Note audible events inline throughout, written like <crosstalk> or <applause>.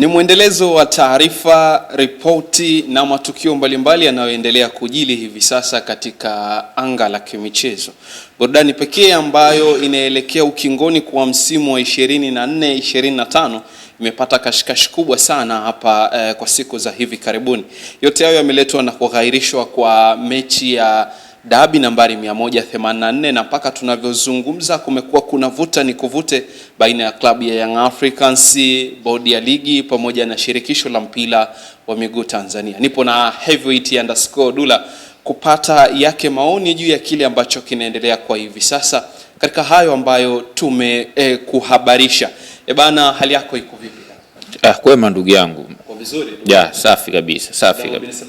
Ni mwendelezo wa taarifa, ripoti na matukio mbalimbali yanayoendelea kujili hivi sasa katika anga la kimichezo. Burudani pekee ambayo inaelekea ukingoni kwa msimu wa 24 25 imepata kashikashi kubwa sana hapa eh, kwa siku za hivi karibuni. Yote hayo yameletwa na kughairishwa kwa mechi ya dabi nambari 184 na mpaka tunavyozungumza kumekuwa kuna vuta ni kuvute baina ya klabu ya Young Africans, bodi ya ligi pamoja na shirikisho la mpira wa miguu Tanzania. Nipo na Heavyweight underscore Dula kupata yake maoni juu ya kile ambacho kinaendelea kwa hivi sasa katika hayo ambayo tumekuhabarisha. Eh, e bana, hali yako iko vipi? Ah, kwema ndugu yangu. Kwa vizuri. Ya, safi kabisa, safi kabisa.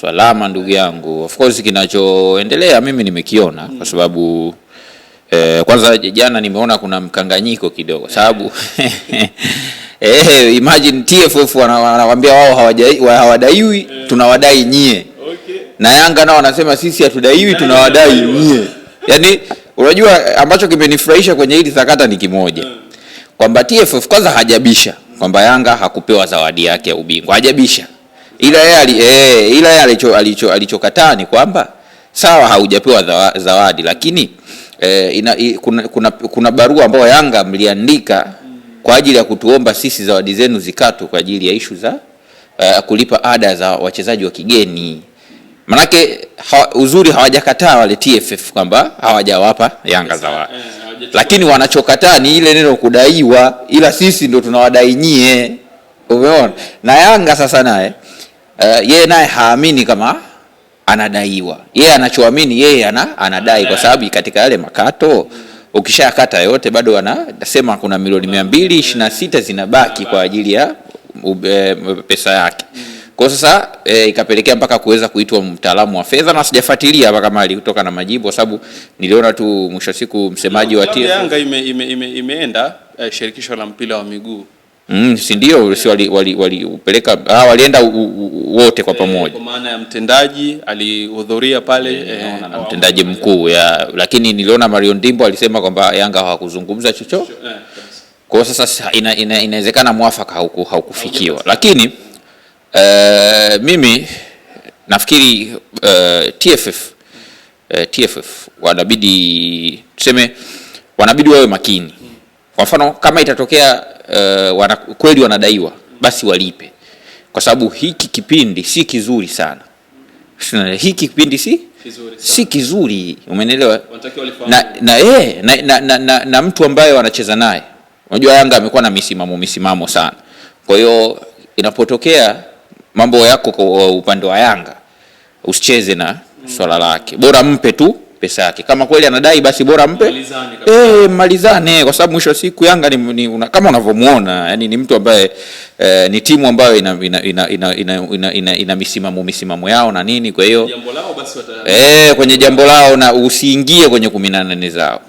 Salama ndugu yangu, of course kinachoendelea mimi nimekiona kwa sababu eh, kwanza jana nimeona kuna mkanganyiko kidogo sababu <laughs> eh, imagine TFF wanawaambia wao hawadaiwi, tunawadai nyie na Yanga nao wanasema sisi hatudaiwi, tunawadai nyie yaani unajua ambacho kimenifurahisha kwenye hili sakata ni kimoja hmm. kwamba TFF kwanza hajabisha kwamba Yanga hakupewa zawadi yake ya ubingwa, hajabisha ila yeye ali, eh, ila yeye alicho alicho alichokataa ni kwamba sawa haujapewa zawadi lakini eh, ina, i, kuna, kuna, kuna barua ambayo Yanga mliandika kwa ajili ya kutuomba sisi zawadi zenu zikatwe kwa ajili ya ishu za eh, kulipa ada za wachezaji wa kigeni. Manake ha, uzuri hawajakataa wale TFF kwamba hawajawapa Yanga zawadi, eh, lakini wanachokataa ni ile neno kudaiwa, ila sisi ndo tunawadai nyie. Umeona? Na Yanga sasa naye Eh, yeye naye haamini kama anadaiwa, yeye anachoamini yeye ana, anadai kwa sababu katika yale makato ukishakata yote bado anasema kuna milioni mia mbili ishirini na sita zinabaki kwa ajili ya eh, pesa yake. Kwa sasa e, ikapelekea mpaka kuweza kuitwa mtaalamu wa fedha na sijafuatilia hapa kama alitoka na majibu, kwa sababu niliona tu mwisho siku msemaji wa TFF Yanga ime, ime, ime, imeenda eh, shirikisho la mpira wa miguu Mm, si ndio? Si wali wali, ah, walienda wote kwa eh, pamoja, kwa maana ya mtendaji alihudhuria pale e, na mtendaji mkuu ya, lakini niliona Mario Ndimbo alisema kwamba Yanga hawakuzungumza chocho yeah, kwa sasa ina, ina, inawezekana mwafaka hauku, haukufikiwa lakini uh, mimi nafikiri uh, TFF uh, TFF wanabidi tuseme wanabidi wawe makini kwa mfano kama itatokea uh, wana, kweli wanadaiwa basi walipe, kwa sababu hiki kipindi si kizuri sana. Hiki kipindi si kizuri, si kizuri, umeelewa? Na, na, e, na, na, na, na, na mtu ambaye wanacheza naye, unajua Yanga amekuwa na misimamo misimamo sana. Kwa hiyo inapotokea mambo yako kwa upande wa Yanga usicheze na mm. swala lake, bora mpe tu pesa yake. Kama kweli anadai basi bora mpe malizane, e, malizane eh, kwa sababu mwisho wa siku Yanga ni, ni una, kama unavyomuona yani ni mtu ambaye eh, ni timu ambayo ina, ina, ina, ina, ina, ina, ina, ina misimamo misimamo yao na nini, kwa hiyo eh, kwenye jambo lao na usiingie kwenye kumi na nane zao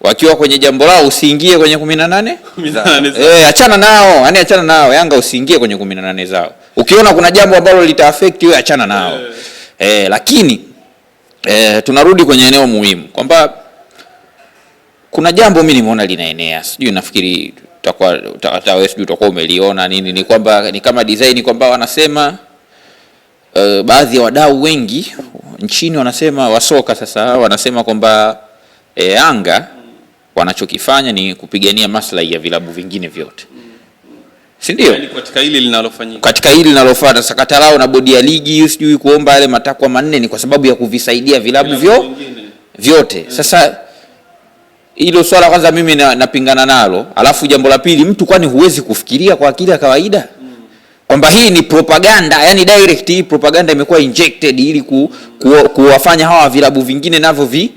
wakiwa kwenye jambo lao usiingie kwenye kumi na nane <laughs> eh, achana nao yani, achana nao Yanga usiingie kwenye kumi na nane zao. Ukiona kuna jambo ambalo litaaffect wewe, achana nao e. E, lakini e, tunarudi kwenye eneo muhimu kwamba kuna jambo mimi nimeona linaenea, sijui nafikiri utakuwa tawe sijui utakuwa umeliona nini, ni kwamba ni kama design kwamba wanasema e, baadhi ya wadau wengi nchini wanasema wasoka sasa wanasema kwamba e, wanachokifanya ni kupigania maslahi ya vilabu vingine vyote si ndio? Yaani katika hili linalofanyika, katika hili sakata lao na bodi ya ligi hiyo, sijui kuomba yale matakwa manne ni kwa sababu ya kuvisaidia vilabu vyo vyote yeah. Sasa hilo swala kwanza mimi napingana na nalo, alafu jambo la pili, mtu kwani huwezi kufikiria kwa akili ya kawaida mm. kwamba hii ni propaganda, yani direct hii propaganda imekuwa injected ili ku, ku, kuwafanya hawa vilabu vingine navyo vi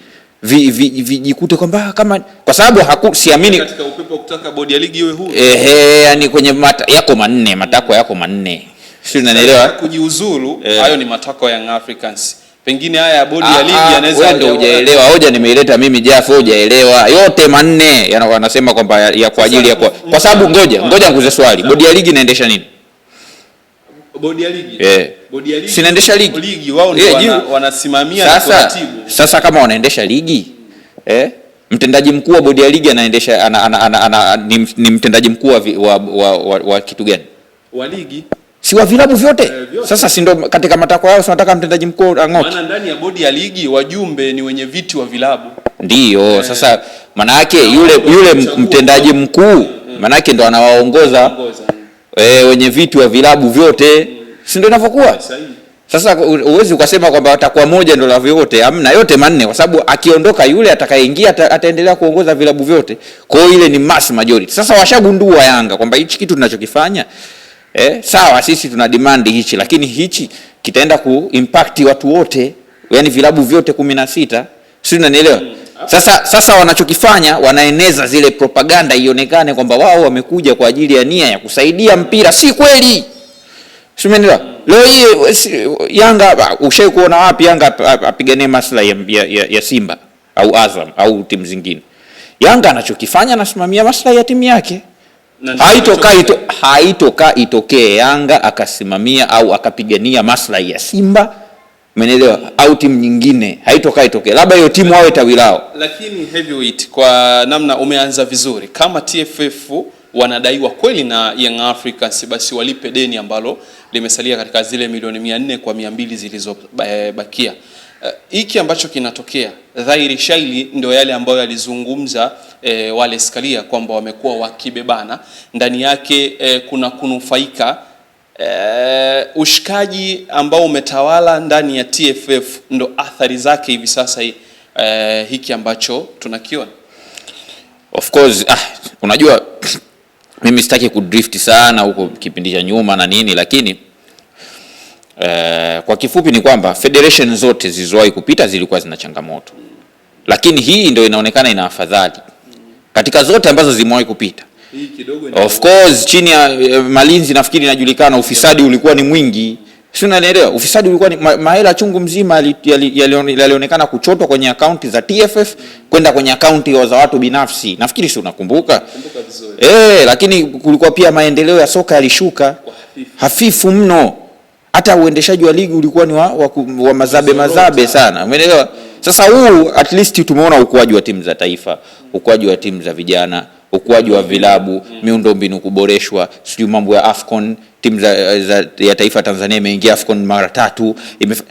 vijikute kwamba kama kwa sababu haku siamini katika upepo kutaka bodi ya ligi iwe huru ehe, yani kwenye mata, yako manne matakwa yako manne, sio unanielewa, kujiuzuru e. Eh. Hayo ni matakwa ya Africans, pengine haya ya bodi ya ah, ligi ah, yanaweza. Wewe ndio hujaelewa hoja, nimeileta mimi Jafu, hujaelewa yote manne, yanakuwa anasema kwamba ya kwa ajili ya kwa, kwa sababu ngoja ngoja nikuze swali, bodi ya ligi inaendesha nini? Bodi ya ligi. Eh. Bodi ya ligi. Sinaendesha ligi. Ligi wao ndio eh, wana, wanasimamia na kuratibu. Sasa kama wanaendesha ligi, eh? Mtendaji mkuu wa bodi ya ligi anaendesha ana, ana, ana, ana, ni, ni mtendaji mkuu wa, wa, wa, wa, wa kitu gani? Wa ligi. Si wa vilabu vyote. Eh, vyote. Sasa si ndo katika matakwa yao sinataka mtendaji mkuu ang'oke. Maana ndani ya bodi ya ligi wajumbe ni wenye viti wa vilabu. Ndiyo, eh. Sasa maana yake yule yule mtendaji mkuu eh. maana yake ndo anawaongoza e, wenye viti wa vilabu vyote, si ndio inavyokuwa sasa? Uwezi ukasema kwamba atakuwa moja ndio la vyote, amna, yote manne, kwa sababu akiondoka yule atakayeingia ata, ataendelea kuongoza vilabu vyote. Kwa hiyo ile ni mass majority. Sasa washagundua Yanga kwamba hichi kitu tunachokifanya eh, sawa, sisi tuna demand hichi, lakini hichi kitaenda kuimpact watu wote, yani vilabu vyote kumi na sita, si unanielewa? Hmm. Sasa, sasa wanachokifanya wanaeneza zile propaganda ionekane kwamba wao wamekuja kwa ajili ya nia ya kusaidia mpira, si kweli. Simenelewa. Leo hii Yanga ushai kuona wapi Yanga apiganie maslahi ya, ya, ya Simba au Azam au timu zingine? Yanga anachokifanya anasimamia maslahi ya timu yake. Haitokaa haitoka itokee Yanga akasimamia au akapigania maslahi ya Simba Umeelewa? Au timu nyingine haitokaa itokee, labda hiyo timu awe tawi lao. Lakini Heavyweight, kwa namna umeanza vizuri, kama TFF wanadaiwa kweli na Young Africans, basi walipe deni ambalo limesalia katika zile milioni 400 kwa 200 zilizobakia. Eh, hiki ambacho kinatokea dhahiri shaili ndio yale ambayo yalizungumza e, wale skalia kwamba wamekuwa wakibebana ndani yake e, kuna kunufaika E, ushikaji ambao umetawala ndani ya TFF ndo athari zake hivi sasa hi, eh, e, hiki ambacho tunakiona. Of course, ah, unajua mimi sitaki kudrift sana huko kipindi cha nyuma na nini lakini e, kwa kifupi ni kwamba federation zote zilizowahi kupita zilikuwa zina changamoto, lakini hii ndio inaonekana ina afadhali katika zote ambazo zimewahi kupita. Of course chini ya eh, malinzi nafikiri inajulikana, ufisadi ulikuwa ni mwingi, si unanielewa? Ufisadi ulikuwa ni ma, mahela chungu mzima yalionekana kuchotwa kwenye akaunti za TFF kwenda kwenye akaunti za watu binafsi, nafikiri si unakumbuka eh. Lakini kulikuwa pia maendeleo ya soka yalishuka hafifu mno, hata uendeshaji wa ligi ulikuwa ni wa, wa, wa mazabe mazabe sana, umeelewa? Sasa huu at least tumeona ukuaji wa timu za taifa, ukuaji wa timu za vijana ukuaji wa vilabu mm. mbinu kuboreshwa, sijui mambo ya Afcon, timu za, za, ya taifa Tanzania imeingia Afcon mara tatu imef...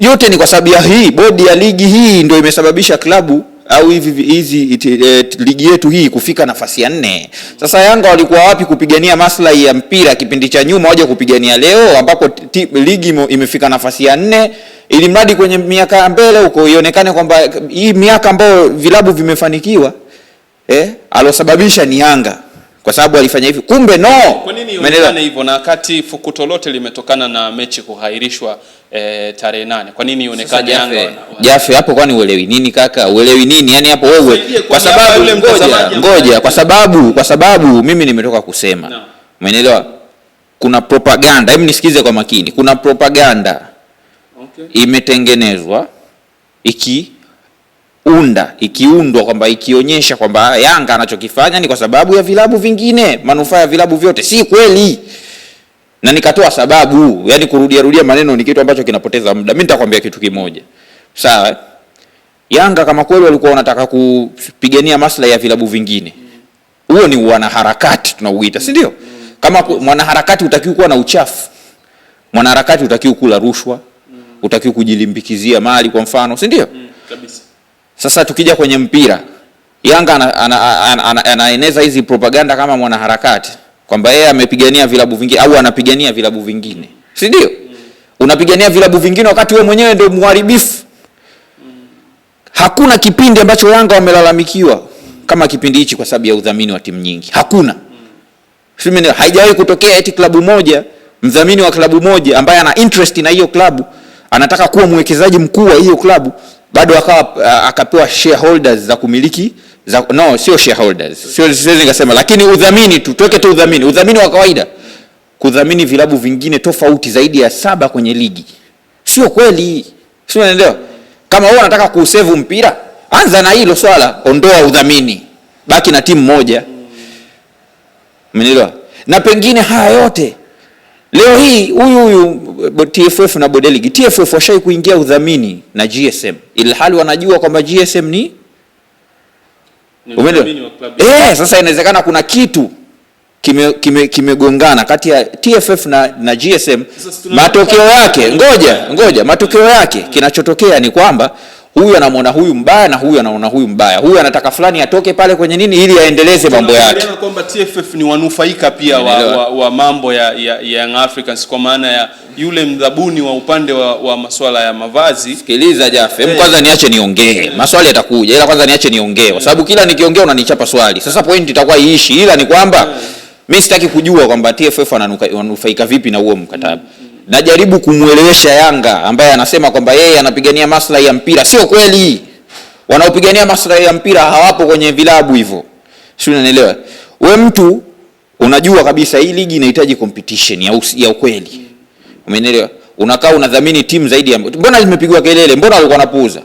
yote ni kwa sababu ya hii bodi ya ligi hii ndio imesababisha klabu au hivi hizi e, ligi yetu hii kufika nafasi ya nne. Sasa Yanga walikuwa wapi kupigania maslahi ya mpira kipindi cha nyuma, waje kupigania leo ambapo ligi imefika nafasi ya nne, ili mradi kwenye miaka mbele huko ionekane kwamba hii miaka ambayo vilabu vimefanikiwa eh, alosababisha ni Yanga kwa sababu alifanya hivi kumbe no. Kwa nini ionekane hivyo na wakati fukuto lote limetokana na mechi kuhairishwa eh, tarehe nane? Kwa nini ionekane Yanga Jafe hapo? Kwani uelewi nini kaka? Uelewi nini yani hapo wewe? Kwa sababu ngoja ngoja, kwa sababu kwa sababu mimi nimetoka kusema no. Umeelewa? Kuna propaganda, hebu nisikize kwa makini. Kuna propaganda okay. Imetengenezwa iki unda ikiundwa kwamba ikionyesha kwamba Yanga anachokifanya ni kwa sababu ya vilabu vingine, manufaa ya vilabu vyote, si kweli. Na nikatoa sababu, yani kurudia rudia maneno ni kitu ambacho kinapoteza muda. Mimi nitakwambia kitu kimoja, sawa? Yanga kama kweli walikuwa wanataka kupigania maslahi ya vilabu vingine, huo ni wanaharakati tunauita, si ndio? Kama mwanaharakati utakiwa kuwa na uchafu, mwanaharakati utakiwa kula rushwa, utakiwa kujilimbikizia mali, kwa mfano, si ndio? Mm, kabisa. Sasa tukija kwenye mpira, Yanga anaeneza ana, ana, ana, ana hizi propaganda kama mwanaharakati kwamba yeye amepigania vilabu vingine au anapigania vilabu vingine, si ndio? Unapigania vilabu vingine wakati wewe mwenyewe ndio mharibifu. Hakuna kipindi ambacho Yanga wamelalamikiwa kama kipindi hichi kwa sababu ya udhamini wa timu nyingi. Hakuna haijawahi kutokea eti klabu moja, mdhamini wa klabu moja ambaye ana interest na hiyo klabu anataka kuwa mwekezaji mkuu wa hiyo klabu bado akawa uh, akapewa shareholders za kumiliki za, no sio shareholders, sio siwezi nikasema, lakini udhamini tu tuweke tu udhamini, udhamini wa kawaida kudhamini vilabu vingine tofauti zaidi ya saba kwenye ligi. Sio kweli, sio unaelewa. Kama wewe unataka kuusevu mpira, anza na hilo swala, ondoa udhamini, baki na timu moja, umeelewa? Na pengine haya yote Leo hii huyu huyu TFF na Bodeligi, TFF washai kuingia udhamini na GSM ilhali wanajua kwamba GSM ni eh. Sasa inawezekana kuna kitu kimegongana kime, kime kati ya TFF na, na GSM. Matokeo yake ngoja ngoja, matokeo yake mm. kinachotokea ni kwamba huyu anamwona huyu mbaya na huyu anaona huyu mbaya, huyu anataka fulani atoke pale kwenye nini ili aendeleze mambo yake, kwamba TFF ni wanufaika pia wa, wa, wa mambo ya, ya, ya Young Africans kwa maana ya yule mdhabuni wa upande wa, wa masuala ya mavazi. Sikiliza Jafe, hey. Eh. Kwanza niache niongee, eh. maswali yatakuja, ila kwanza niache niongee kwa sababu kila nikiongea unanichapa swali. Sasa point itakuwa iishi, ila ni kwamba hey. Eh. Mimi sitaki kujua kwamba TFF ananufaika vipi na huo mkataba hey najaribu kumwelewesha Yanga ambaye anasema kwamba yeye anapigania maslahi ya mpira. Sio kweli, wanaopigania maslahi ya mpira hawapo kwenye vilabu hivyo, si Unanielewa we, mtu unajua kabisa hii ligi inahitaji competition ya, usi, ya ukweli, umenielewa? Unakaa unadhamini timu zaidi ya, mbona zimepigwa kelele, mbona walikuwa wanapuuza?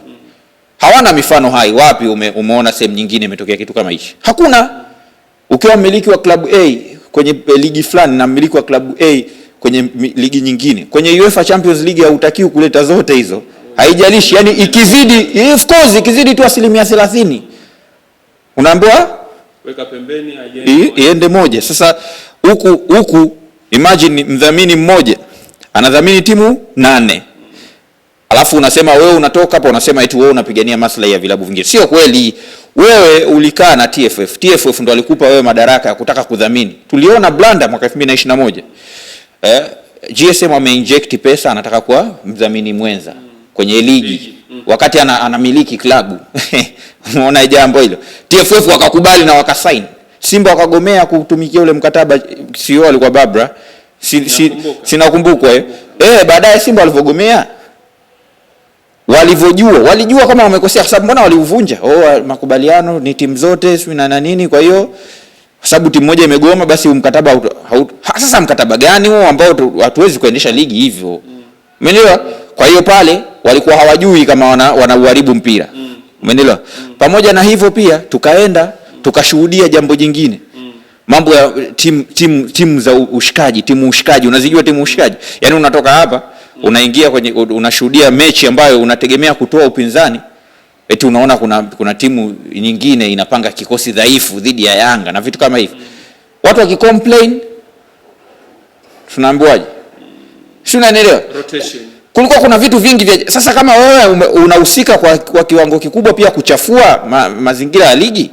Hawana mifano hai. Wapi ume, umeona sehemu nyingine imetokea kitu kama hichi? Hakuna. Ukiwa mmiliki wa klabu A kwenye eh, ligi fulani na mmiliki wa klabu A kwenye ligi nyingine. Kwenye UEFA Champions League hautakiwi kuleta zote hizo, haijalishi yani, ikizidi of course, ikizidi tu asilimia thelathini unaambiwa weka pembeni, iende moja. Sasa huku huku, imagine mdhamini mmoja anadhamini timu nane alafu unasema wewe unatoka hapo, unasema eti wewe unapigania maslahi ya vilabu vingine. Sio kweli. Wewe ulikaa na TFF, TFF ndo alikupa wewe madaraka ya kutaka kudhamini. Tuliona Blanda mwaka 2021 eh, GSM ameinject pesa anataka kuwa mdhamini mwenza kwenye ligi, mm. wakati ana, anamiliki klabu <laughs> unaona jambo hilo. TFF mm. wakakubali na wakasign Simba wakagomea kutumikia ule mkataba, sio e alikuwa Babra si, si, sinakumbukwa eh, eh baadaye Simba walivyogomea walivyojua walijua kama wamekosea, kwa sababu mbona waliuvunja. Oh, makubaliano ni timu zote sio na nini, kwa hiyo sababu timu moja imegoma, basi mkataba sasa. Mkataba gani huo ambao hatuwezi kuendesha ligi hivyo? Umeelewa? Mm. Kwa hiyo pale walikuwa hawajui kama wana, wanauharibu mpira. Umeelewa? Mm. Mm. Pamoja na hivyo pia tukaenda tukashuhudia jambo jingine mambo ya timu timu timu za ushikaji, timu ushikaji, unazijua timu ushikaji? Yaani unatoka hapa unaingia kwenye, unashuhudia mechi ambayo unategemea kutoa upinzani eti unaona kuna, kuna timu nyingine inapanga kikosi dhaifu dhidi ya Yanga na vitu kama hivyo. Watu wakicomplain tunaambiwaje? Si unanielewa? Rotation. Kulikuwa kuna vitu vingi vya sasa, kama wewe unahusika kwa, kwa kiwango kikubwa pia kuchafua ma, mazingira ya ligi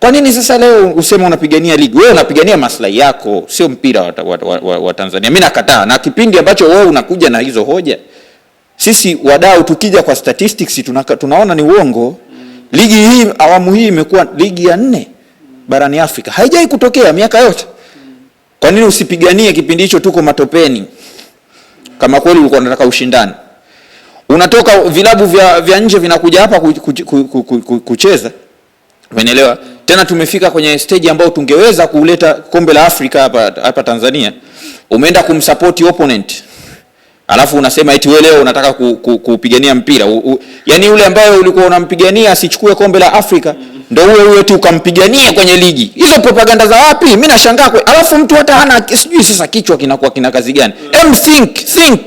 kwa nini sasa leo usema unapigania ligi? Wewe unapigania maslahi yako, sio mpira wa, wa, wa, wa Tanzania. Mimi nakataa na kipindi ambacho wewe unakuja na hizo hoja sisi wadau tukija kwa statistics tunaka, tunaona ni uongo. Ligi hii awamu hii imekuwa ligi ya nne barani Afrika, haijai kutokea miaka yote. Kwa nini usipiganie kipindi hicho tuko matopeni? Kama kweli ulikuwa unataka ushindani, unatoka vilabu vya, vya nje vinakuja hapa kucheza, umeelewa? Tena tumefika kwenye stage ambayo tungeweza kuleta kombe la Afrika hapa hapa Tanzania, umeenda kumsupport opponent alafu unasema eti wewe leo unataka kupigania ku, ku mpira u, u, yani yule ambaye ulikuwa unampigania asichukue kombe la Afrika ndio huyo huyo tu ukampigania kwenye ligi. Hizo propaganda za wapi? Mimi nashangaa kwa. Alafu mtu hata hana sijui sasa kichwa kinakuwa kina kazi gani? Em, think think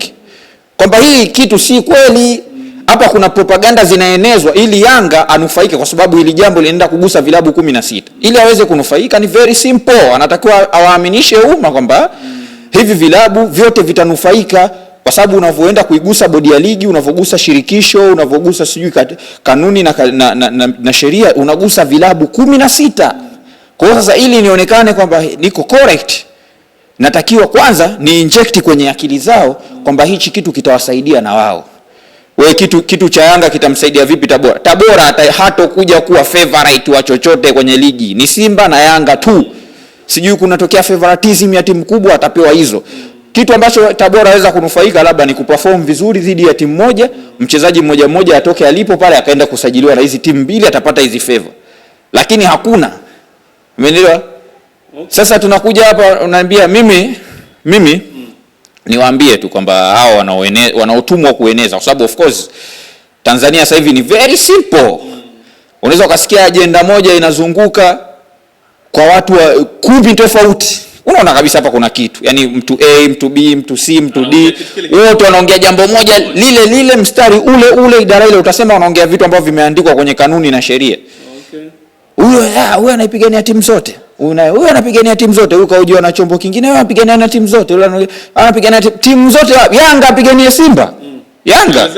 kwamba hii kitu si kweli. Hapa kuna propaganda zinaenezwa ili Yanga anufaike, kwa sababu hili jambo linaenda kugusa vilabu kumi na sita. Ili aweze kunufaika ni very simple, anatakiwa awaaminishe umma kwamba hivi vilabu vyote vitanufaika kwa sababu unavyoenda kuigusa bodi ya ligi, unavyogusa shirikisho, unavyogusa sijui kanuni na, na, na, na, na sheria, unagusa vilabu kumi na sita. Kwa hiyo sasa, ili nionekane kwamba niko correct, natakiwa kwanza ni inject kwenye akili zao kwamba hichi kitu kitawasaidia na wao. We, kitu, kitu cha Yanga kitamsaidia vipi Tabora? Tabora hatokuja kuwa favorite wa chochote kwenye ligi, ni Simba na Yanga tu. Sijui kunatokea favoritism ya timu kubwa, atapewa hizo kitu ambacho Tabora anaweza kunufaika labda ni kuperform vizuri dhidi ya timu moja, mchezaji mmoja mmoja atoke alipo pale akaenda kusajiliwa na hizi timu mbili, atapata hizi favor, lakini hakuna. Umeelewa? Sasa tunakuja hapa, unaambia mimi mimi niwaambie tu kwamba hao wanaotumwa kueneza, kwa sababu of course Tanzania sasa hivi ni very simple. Unaweza ukasikia ajenda moja inazunguka kwa watu wa kumi tofauti unaona kabisa hapa kuna kitu, yaani mtu A, mtu B, mtu C, mtu D, ah, wote wanaongea jambo moja lile lile, mstari ule ule, idara ile, utasema wanaongea vitu ambavyo vimeandikwa kwenye kanuni na sheria. Huyo ah, huyo anaipigania timu zote, huyo anapigania timu zote, huyo kaujua na chombo kingine, huyo anapigania na timu zote, yule anapigania timu zote. Yanga apiganie Simba, mm. Yanga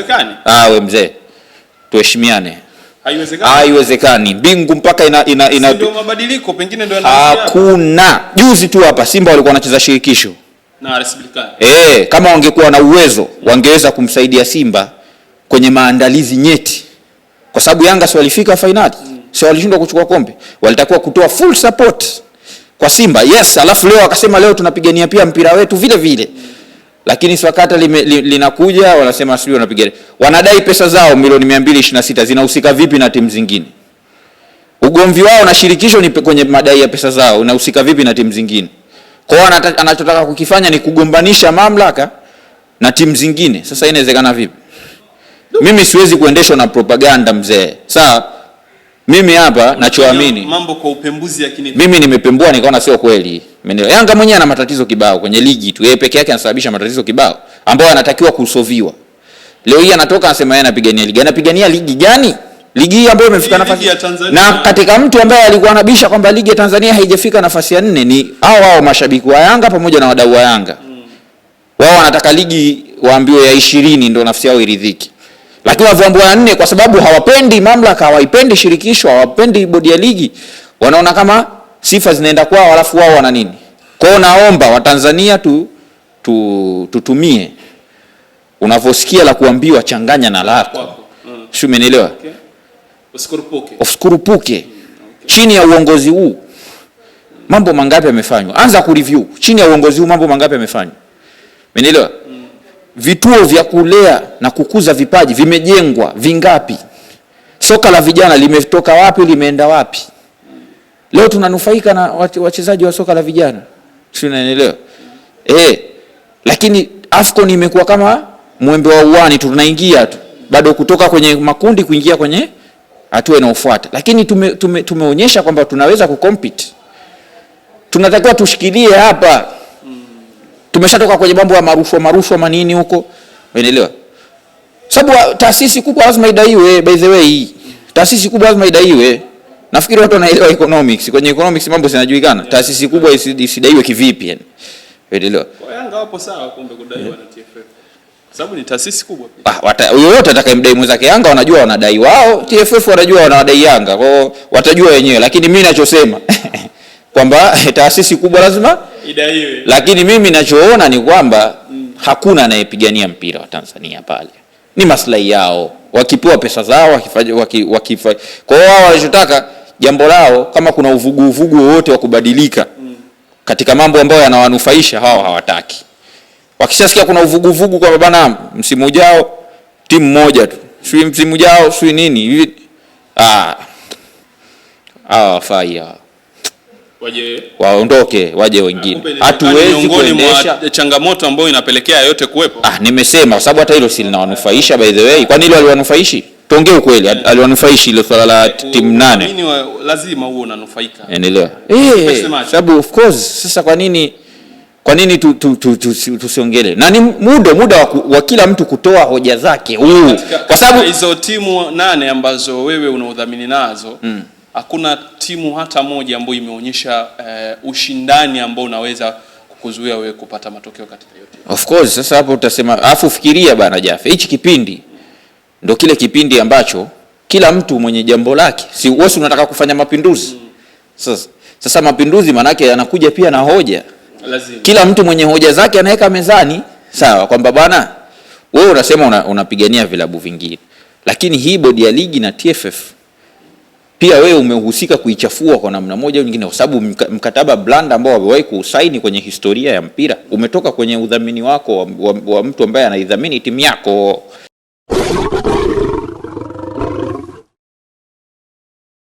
ah, we mzee, tuheshimiane haiwezekani mbingu mpaka ina, ina, ina... Ndio mabadiliko pengine ndio Hakuna juzi tu hapa Simba walikuwa wanacheza shirikisho na RS Eh, kama wangekuwa na uwezo wangeweza kumsaidia Simba kwenye maandalizi nyeti, kwa sababu Yanga si walifika fainali mm. si walishindwa kuchukua kombe, walitakiwa kutoa full support kwa Simba yes. Alafu leo akasema leo tunapigania pia mpira wetu vile vile mm lakini SWAKATA li, linakuja wanasema sijui wanapiga wanadai pesa zao milioni sita zinahusika vipi na timu zingine? Ugomvi wao na shirikisho ni kwenye madai ya pesa zao, unahusika vipi na timu zingine? Kwa hiyo anachotaka kukifanya ni kugombanisha mamlaka na timu zingine. Sasa inawezekana vipi? no. Mimi siwezi kuendeshwa na propaganda mzee, sawa? Mimi hapa nachoamini mambo kwa upembuzi, lakini mimi nimepembua nikaona sio kweli. Umeelewa? Yanga mwenyewe ana matatizo kibao kwenye ligi tu, yeye peke yake anasababisha matatizo kibao ambayo anatakiwa kusoviwa. Leo hii anatoka anasema yeye anapigania ligi, anapigania ligi gani? Ligi hii ambayo imefika nafasi na katika mtu ambaye alikuwa anabisha kwamba ligi ya Tanzania haijafika nafasi ya nne ni hao hao mashabiki wa Yanga pamoja na wadau wa Yanga. Hmm. Wao wanataka ligi waambiwe ya 20 ndio nafsi yao iridhiki, lakini wavyoambiwa ya nne, kwa sababu hawapendi mamlaka, hawaipendi shirikisho, hawapendi bodi ya ligi, wanaona kama sifa zinaenda kwao, halafu wao wana nini? Kwa hiyo naomba Watanzania tu, tu, tutumie unavyosikia la kuambiwa changanya na lako, mm. si umenielewa? Okay. Usikurupuke, Okay. Chini ya uongozi huu mambo mangapi yamefanywa? Anza kureview chini ya uongozi huu mambo mangapi yamefanywa, umenielewa? Mm. Vituo vya kulea na kukuza vipaji vimejengwa vingapi? Soka la vijana limetoka wapi, limeenda wapi? Leo tunanufaika na wachezaji wa soka la vijana, tunaelewa eh? Lakini AFCON imekuwa kama mwembe wa uwani, tunaingia tu bado kutoka kwenye makundi kuingia kwenye hatua inayofuata, lakini tume, tume, tumeonyesha kwamba tunaweza kucompete. Tunatakiwa tushikilie hapa, tumeshatoka kwenye mambo ya marufu marushwa manini huko, unaelewa sababu ah, taasisi kubwa lazima idaiwe. By the way, taasisi kubwa lazima idaiwe. Nafikiri watu wanaelewa economics. Kwenye economics mambo yeah. Taasisi kubwa isidaiwe kivipi yani? Unaelewa? Kwa Yanga wapo sawa kumbe kudaiwa na TFF. sababu ni taasisi kubwa pia. Ah, yoyote atakayemdai mwenzake Yanga wanajua wanadai wao, TFF wanajua wanawadai Yanga. Kwa hiyo watajua wenyewe, lakini mimi ninachosema <laughs> kwamba eh, taasisi kubwa lazima idaiwe. Lakini mimi ninachoona ni kwamba mm, hakuna anayepigania mpira wa Tanzania pale. Ni maslahi yao. Wakipewa pesa zao, wakifanya wakifanya. waki, kwa hiyo wao wanachotaka jambo lao, kama kuna uvuguvugu wowote wa kubadilika katika mambo ambayo yanawanufaisha hao hawataki. Wakishasikia kuna uvuguvugu kwa bana, msimu ujao timu moja tu, sio msimu ujao sio nini hivi, ah ah, faia waje waondoke, waje wengine. Hatuwezi kuendesha changamoto ambayo inapelekea yote kuwepo. Ah, nimesema kwa sababu hata hilo si linawanufaisha by the way, kwani hilo waliwanufaishi tuongee ukweli, aliwanufaishi ile swala la oh, timu nane, lazima huo unanufaika, endelea eh, sababu of course. Sasa kwa nini kwa nini tusiongele na ni muda muda wa kila mtu kutoa hoja zake huu, kwa sababu hizo timu nane ambazo wewe unaudhamini nazo mm. Hakuna timu hata moja ambayo imeonyesha uh, ushindani ambao unaweza kukuzuia wewe kupata matokeo katika yote. Of course, sasa hapo utasema, afu fikiria bana jafe hichi kipindi ndo kile kipindi ambacho kila mtu mwenye jambo lake, si wewe unataka kufanya mapinduzi sasa. Sasa mapinduzi manake yanakuja pia na hoja Lazima. Kila mtu mwenye hoja zake anaweka mezani sawa, kwamba bwana, wewe unasema unapigania una vilabu vingine, lakini hii bodi ya ligi na TFF pia wewe umehusika kuichafua kwa namna moja au nyingine, kwa sababu mkataba bland ambao wamewahi kusaini kwenye historia ya mpira umetoka kwenye udhamini wako wa, wa, wa mtu ambaye anaidhamini timu yako.